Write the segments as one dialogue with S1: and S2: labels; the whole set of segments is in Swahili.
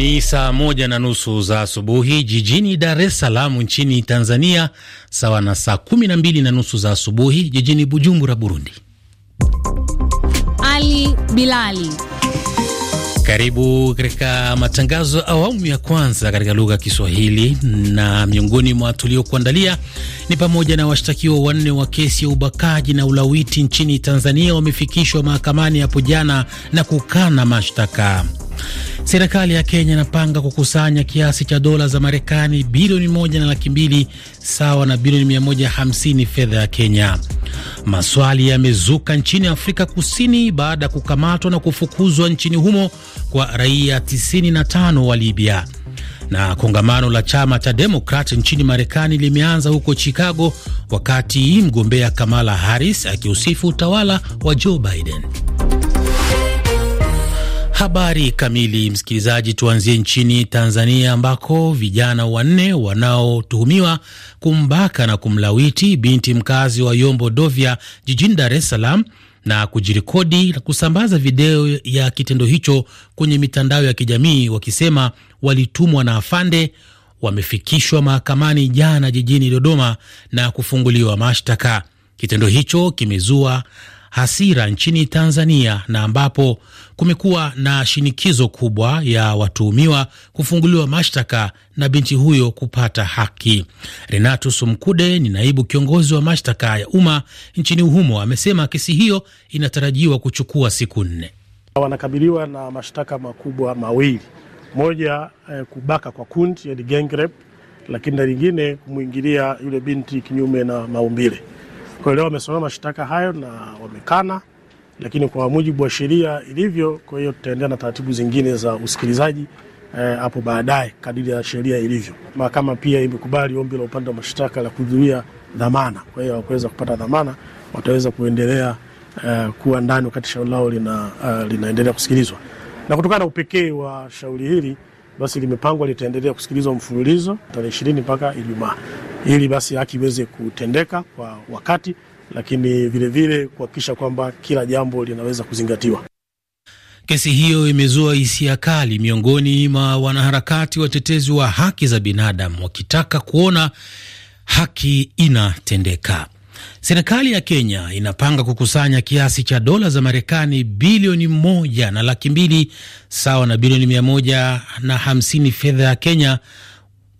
S1: Ni saa moja na nusu za asubuhi jijini Dar es Salaam nchini Tanzania, sawa na saa kumi na mbili na nusu za asubuhi jijini Bujumbura, Burundi. Ali Bilali, karibu katika matangazo ya awamu ya kwanza katika lugha ya Kiswahili. Na miongoni mwa tuliokuandalia ni pamoja na washtakiwa wanne wa kesi ya ubakaji na ulawiti nchini Tanzania wamefikishwa mahakamani hapo jana na kukana mashtaka Serikali ya Kenya inapanga kukusanya kiasi cha dola za Marekani bilioni moja na laki mbili sawa na bilioni 150 fedha ya Kenya. Maswali yamezuka nchini Afrika Kusini baada ya kukamatwa na kufukuzwa nchini humo kwa raia 95 wa Libya na kongamano la chama cha Demokrat nchini Marekani limeanza huko Chicago, wakati mgombea Kamala Harris akiusifu utawala wa Joe Biden. Habari kamili, msikilizaji, tuanzie nchini Tanzania ambako vijana wanne wanaotuhumiwa kumbaka na kumlawiti binti mkazi wa Yombo Dovya jijini Dar es Salaam na kujirekodi na kusambaza video ya kitendo hicho kwenye mitandao ya kijamii wakisema walitumwa na afande wamefikishwa mahakamani jana jijini Dodoma na kufunguliwa mashtaka. Kitendo hicho kimezua hasira nchini Tanzania na ambapo kumekuwa na shinikizo kubwa ya watuhumiwa kufunguliwa mashtaka na binti huyo kupata haki. Renatus Sumkude ni naibu kiongozi wa mashtaka ya umma nchini humo, amesema kesi hiyo inatarajiwa kuchukua siku nne. Wanakabiliwa na mashtaka makubwa mawili, moja eh, kubaka kwa kundi, yani gang rape, lakini na lingine kumwingilia yule binti kinyume na maumbile. Kwa leo wamesomewa mashtaka hayo na wamekana, lakini kwa mujibu wa sheria ilivyo, kwa hiyo tutaendelea na taratibu zingine za usikilizaji eh, hapo eh, baadaye kadiri ya sheria ilivyo. Mahakama pia imekubali ombi la upande wa mashtaka la kuzuia dhamana, kwa hiyo hawakuweza kupata dhamana, wataweza kuendelea eh, kuwa ndani wakati shauri lao lina, uh, linaendelea kusikilizwa, na kutokana na upekee wa shauri hili basi limepangwa litaendelea kusikilizwa mfululizo tarehe ishirini mpaka Ijumaa ili basi haki iweze kutendeka kwa wakati, lakini vilevile kuhakikisha kwamba kila jambo linaweza kuzingatiwa. Kesi hiyo imezua hisia kali miongoni mwa wanaharakati watetezi wa haki za binadamu wakitaka kuona haki inatendeka. Serikali ya Kenya inapanga kukusanya kiasi cha dola za Marekani bilioni moja na laki mbili sawa na bilioni mia moja na hamsini fedha ya Kenya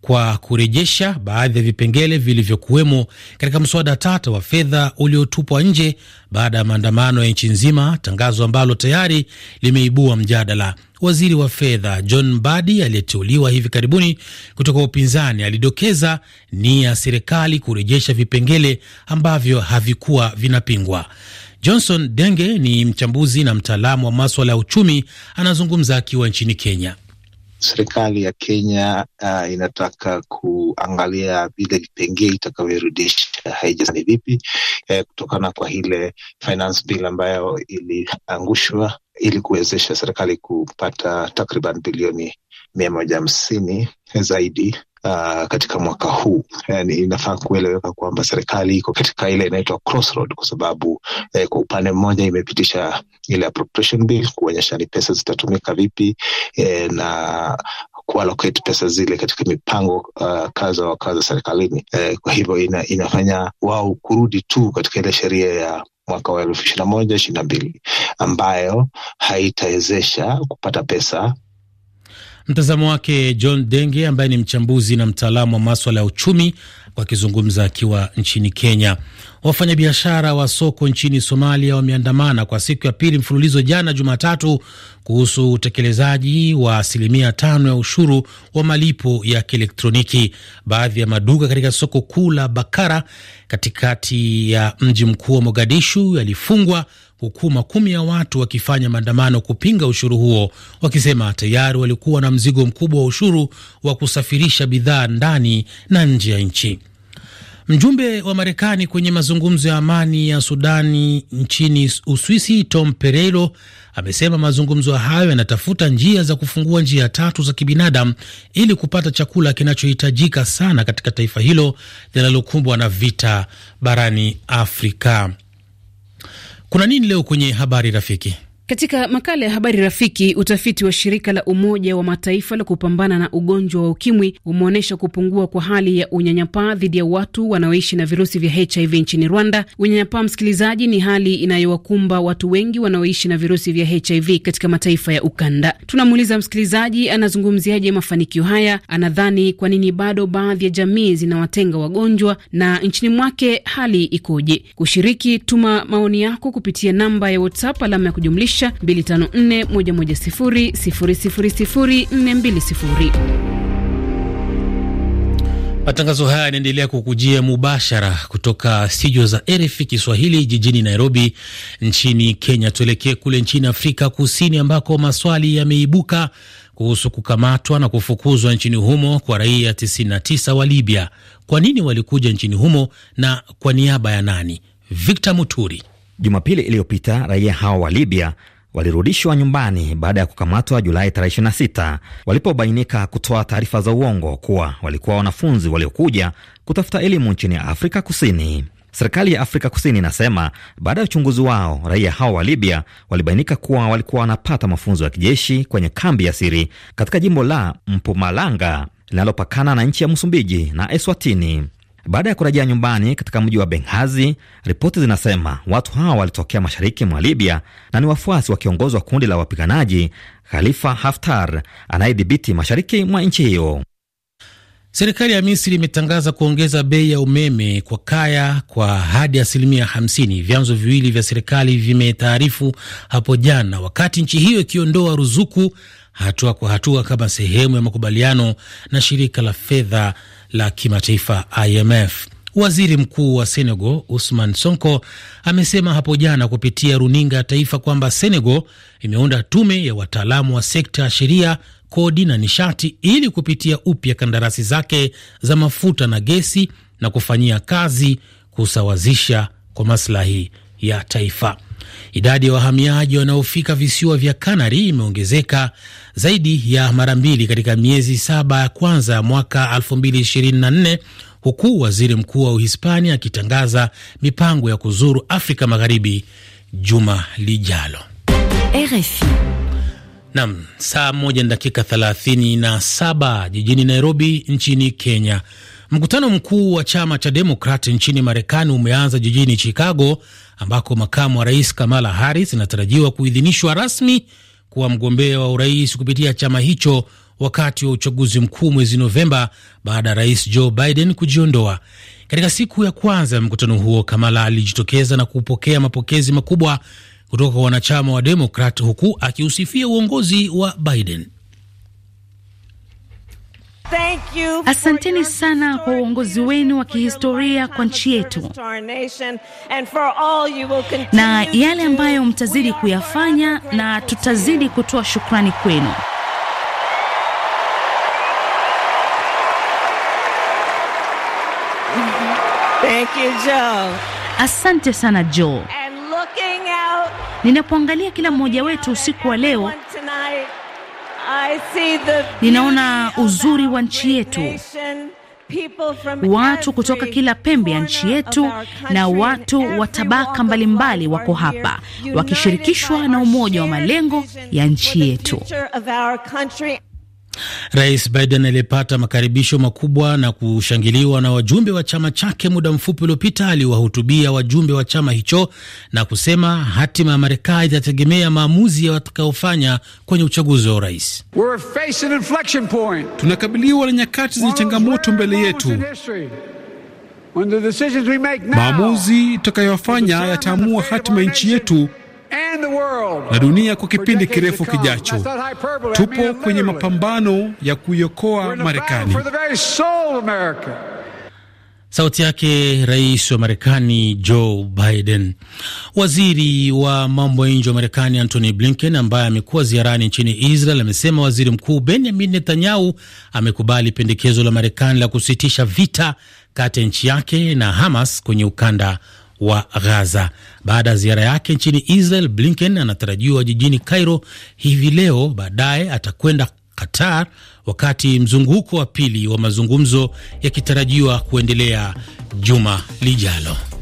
S1: kwa kurejesha baadhi ya vipengele vilivyokuwemo katika mswada tata wa fedha uliotupwa nje baada ya maandamano ya nchi nzima, tangazo ambalo tayari limeibua mjadala. Waziri wa fedha John Badi aliyeteuliwa hivi karibuni kutoka upinzani alidokeza nia ya serikali kurejesha vipengele ambavyo havikuwa vinapingwa. Johnson Denge ni mchambuzi na mtaalamu wa maswala ya uchumi, anazungumza akiwa nchini Kenya serikali ya Kenya uh, inataka kuangalia vile vipengee itakavyorudisha haijasani vipi eh, kutokana kwa ile finance bill ambayo iliangushwa ili kuwezesha serikali kupata takriban bilioni mia moja hamsini zaidi uh, katika mwaka huu. Yani inafaa kueleweka kwamba serikali iko katika ile inaitwa crossroad, kwa sababu eh, kwa upande mmoja imepitisha ile appropriation bill kuonyesha ni pesa zitatumika vipi eh, na kuallocate pesa zile katika mipango uh, kaza wa kaza serikalini eh, kwa hivyo ina, inafanya wao kurudi tu katika ile sheria ya mwaka wa elfu ishirini na moja ishirini na mbili ambayo haitawezesha kupata pesa Mtazamo wake John Denge, ambaye ni mchambuzi na mtaalamu wa maswala ya uchumi, wakizungumza akiwa nchini Kenya. Wafanyabiashara wa soko nchini Somalia wameandamana kwa siku ya pili mfululizo jana Jumatatu kuhusu utekelezaji wa asilimia tano ya ushuru wa malipo ya kielektroniki. Baadhi ya maduka katika soko kuu la Bakara katikati ya mji mkuu wa Mogadishu yalifungwa huku makumi ya watu wakifanya maandamano kupinga ushuru huo, wakisema tayari walikuwa na mzigo mkubwa wa ushuru wa kusafirisha bidhaa ndani na nje ya nchi. Mjumbe wa Marekani kwenye mazungumzo ya amani ya Sudani nchini Uswisi, Tom Pereiro amesema mazungumzo hayo yanatafuta njia za kufungua njia tatu za kibinadamu ili kupata chakula kinachohitajika sana katika taifa hilo linalokumbwa na vita barani Afrika. Kuna nini leo kwenye habari rafiki? Katika makala ya habari rafiki, utafiti wa shirika la Umoja wa Mataifa la kupambana na ugonjwa wa ukimwi umeonyesha kupungua kwa hali ya unyanyapaa dhidi ya watu wanaoishi na virusi vya HIV nchini Rwanda. Unyanyapaa, msikilizaji, ni hali inayowakumba watu wengi wanaoishi na virusi vya HIV katika mataifa ya ukanda. Tunamuuliza msikilizaji, anazungumziaje mafanikio haya? Anadhani kwa nini bado baadhi ya jamii zinawatenga wagonjwa, na nchini mwake hali ikoje? Kushiriki, tuma maoni yako kupitia namba ya WhatsApp alama ya kujumlisha jumlisha 254110000420. Matangazo haya yanaendelea kukujia mubashara kutoka studio za RF Kiswahili jijini Nairobi nchini Kenya. Tuelekee kule nchini Afrika Kusini ambako maswali yameibuka kuhusu kukamatwa na kufukuzwa nchini humo kwa raia 99 wa Libya. Kwa nini walikuja nchini humo na kwa niaba ya nani? Victor Muturi Jumapili iliyopita raia hao wa Libya walirudishwa nyumbani baada ya kukamatwa Julai 26 walipobainika kutoa taarifa za uongo kuwa walikuwa wanafunzi waliokuja kutafuta elimu nchini Afrika Kusini. Serikali ya Afrika Kusini inasema baada ya uchunguzi wao, raia hao wa Libya walibainika kuwa walikuwa wanapata mafunzo ya kijeshi kwenye kambi ya siri katika jimbo la Mpumalanga linalopakana na nchi ya Msumbiji na Eswatini. Baada ya kurejea nyumbani katika mji wa Benghazi, ripoti zinasema watu hawa walitokea mashariki mwa Libya na ni wafuasi wa kiongozi wa kundi la wapiganaji Khalifa Haftar anayedhibiti mashariki mwa nchi hiyo. Serikali ya Misri imetangaza kuongeza bei ya umeme kwa kaya kwa hadi asilimia 50, vyanzo viwili vya serikali vimetaarifu hapo jana, wakati nchi hiyo ikiondoa ruzuku hatua kwa hatua kama sehemu ya makubaliano na shirika la fedha la kimataifa IMF. Waziri Mkuu wa Senegal Usman Sonko amesema hapo jana kupitia runinga ya taifa kwamba Senegal imeunda tume ya wataalamu wa sekta ya sheria, kodi na nishati ili kupitia upya kandarasi zake za mafuta na gesi na kufanyia kazi kusawazisha kwa maslahi ya taifa. Idadi ya wahamiaji wanaofika visiwa vya Kanari imeongezeka zaidi ya mara mbili katika miezi saba ya kwanza ya mwaka 2024 huku waziri mkuu wa Uhispania akitangaza mipango ya kuzuru Afrika Magharibi juma lijalo. RFI nam saa moja na dakika 37 jijini Nairobi nchini Kenya. Mkutano mkuu wa chama cha Demokrat nchini Marekani umeanza jijini Chicago, ambako makamu wa rais Kamala Harris anatarajiwa kuidhinishwa rasmi kuwa mgombea wa urais kupitia chama hicho wakati wa uchaguzi mkuu mwezi Novemba baada ya rais Joe Biden kujiondoa. Katika siku ya kwanza ya mkutano huo, Kamala alijitokeza na kupokea mapokezi makubwa kutoka kwa wanachama wa Demokrat, huku akiusifia uongozi wa Biden. Asanteni sana kwa uongozi wenu wa kihistoria kwa nchi yetu, na yale ambayo mtazidi kuyafanya, na tutazidi kutoa shukrani kwenu. Mm-hmm. Thank you, Joe. Asante sana Joe. Ninapoangalia kila mmoja wetu usiku wa leo tonight, Ninaona uzuri wa nchi yetu, watu kutoka kila pembe ya nchi yetu na watu wa tabaka mbalimbali wako hapa wakishirikishwa na umoja wa malengo ya nchi yetu. Rais Biden aliyepata makaribisho makubwa na kushangiliwa na wajumbe wa chama chake muda mfupi uliopita, aliwahutubia wajumbe wa chama hicho na kusema hatima ya Marekani itategemea maamuzi ya watakayofanya kwenye uchaguzi wa urais. Tunakabiliwa na nyakati zenye changamoto mbele yetu. Maamuzi tutakayofanya yataamua hatima ya nchi yetu na dunia kwa kipindi kirefu kijacho. Tupo kwenye mapambano ya kuiokoa Marekani. Sauti yake rais wa Marekani Joe Biden. Waziri wa mambo ya nje wa Marekani Antony Blinken, ambaye amekuwa ziarani nchini Israel, amesema waziri mkuu Benjamin Netanyahu amekubali pendekezo la Marekani la kusitisha vita kati ya nchi yake na Hamas kwenye ukanda wa Gaza. Baada ya ziara yake nchini Israel, Blinken anatarajiwa jijini Cairo hivi leo, baadaye atakwenda Qatar, wakati mzunguko wa pili wa mazungumzo yakitarajiwa kuendelea juma lijalo.